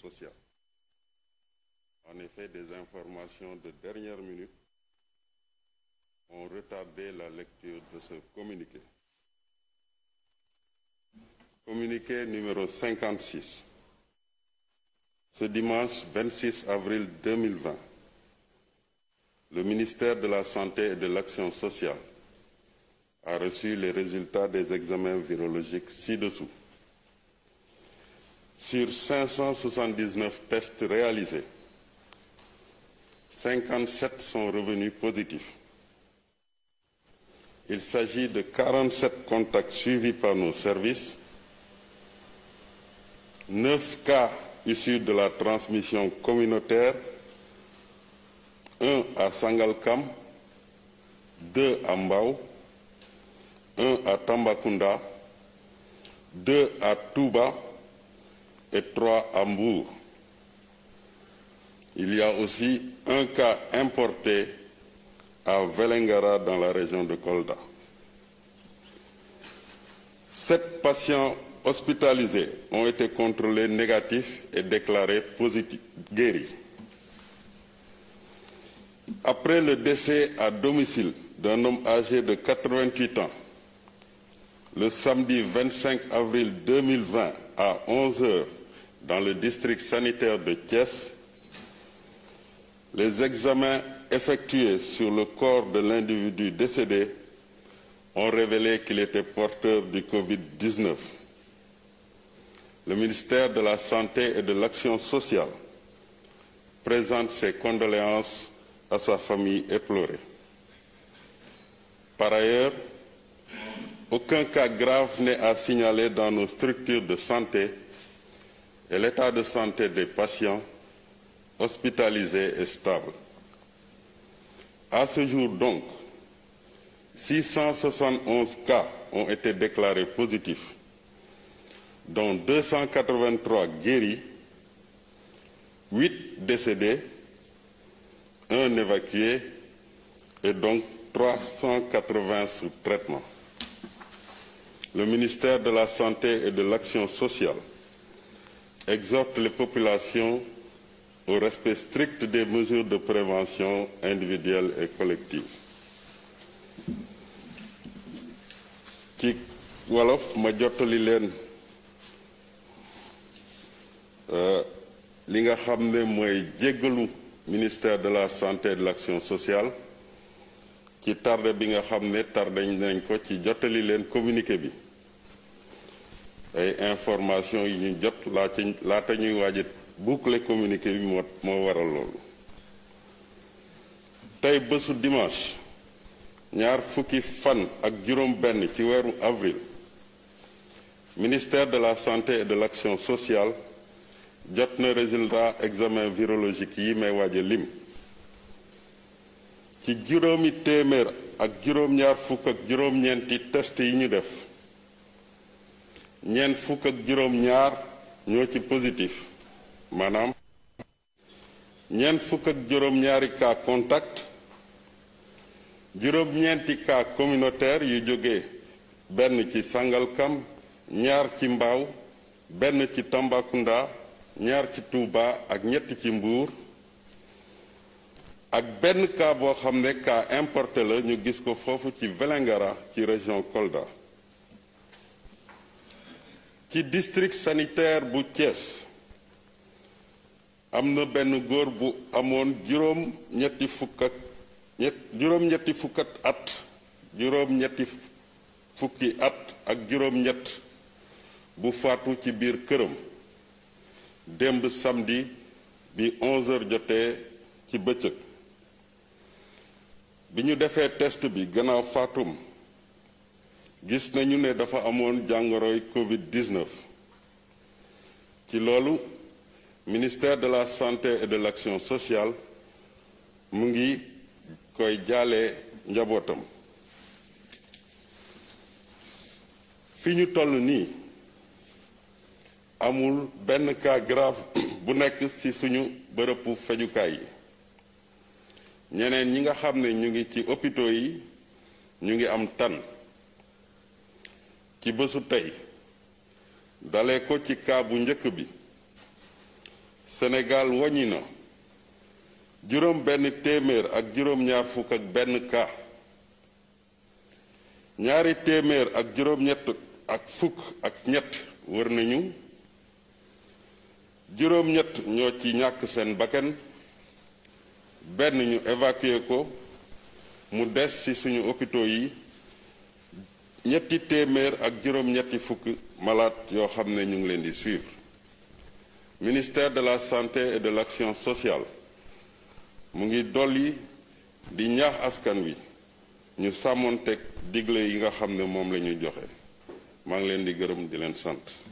sociale. En effet, des informations de dernière minute ont retardé la lecture de ce communiqué. Communiqué numéro 56. Ce dimanche 26 avril 2020, le ministère de la Santé de l'Action sociale a les résultats des examens virologiques ci-dessous. sur 579 tests réalisés, 57 sont revenus positifs. Il s'agit de 47 contacts suivis par nos services, 9 cas de la transmission communautaire, à Sangalkam, 2 à Tambacounda, 2 à Touba, et trois à Mbour. aussi un cas importé à Velengara dans la région de Kolda. Sept patients ont été contrôlés négatifs et déclarés positifs, guéris. Après le décès à domicile d'un homme âgé de 88 ans, le samedi 25 avril 2020 à 11 dans le district sanitaire de Thiès, les examens sur le corps de l'individu décédé ont révélé qu'il était porteur du covid Le ministère de la Santé et de l'Action sociale présente ses condoléances à sa famille éplorée. Par Aucun cas grave n'est à signaler dans nos structures de santé et l'état de santé des patients hospitalisés est stable. À ce jour donc, 671 cas ont été déclarés positifs, dont 283 guéris, 8 décédés, 1 évacué et donc 380 sous traitement. le ministère de la Santé et de l'Action sociale exhorte les populations au respect strict des mesures de prévention individuelle et collective. ci wolof ma jottali leen euh, li nga xam ne mooy jéggalu ministère de la Santé et de l'Action sociale ci tarde bi nga xam ne tarde nañ ko ci jottali leen communiqué bi ay information yi ñu jot laata laata ñuy waaje boucler communiqué bi moo moo waral loolu tey bésu dimanche ñaar fukki fan ak juróom benn ci weeru avril ministère de la santé et de l'action sociale jot na résultat examen virologique yi may waaje lim ci juróomi téeméer ak juróom-ñaar test yi ñu def ñeent ñaar ñoo ci positif maanaam ñeent fukk ak juróom contact juróom-ñeenti yu jóge benn ci Sangalkam ñaar ci Mbao benn ci Tambacounda ñaar ci Touba ak ñett ci Mbour ak benn kaa boo xam ne kaa importé la ñu gis ko foofu ci Vélingara ci région Kolda ci district sanitaire bu Thiès am na benn góor bu amoon juróom ñetti fukk ak fukki at ak juróom ñett bu faatu ci biir këram démb samdi bi 11 heures jotee ci bëccëg bi ñu defee test bi gannaaw faatum gis nañu ne dafa amoon jàngoroy Covid-19 ci loolu ministère de la santé et de l'action sociale mu ngi koy jaalee njabootam fi ñu toll nii amul benn cas grave bu nekk ci suñu bërëbu fajukaay yi ñeneen ñi nga xam ne ñu ngi ci opito yi ñu ngi am tan ci bésu tey dale ko ci cas bu njëkk bi senegal waññi na juróom benn téeméer ak juróom-ñaar fukk ak benn cas ñaari téeméer ak juróom-ñett ak fukk ak ñett wër nañu juróom-ñett ñoo ci ñàkk seen bakkan benn ñu évacuer ko mu des ci suñu hôpitaux yi ñetti téeméer ak juróom-ñetti fukk malaat yoo xam ne ñu ngi leen di suivre ministère de la santé et de l'action sociale mu ngi dolli di ñaax askan wi ñu sàmmoon teg digle yi nga xam ne moom la ñuy joxe maa ngi leen di gërëm di leen sant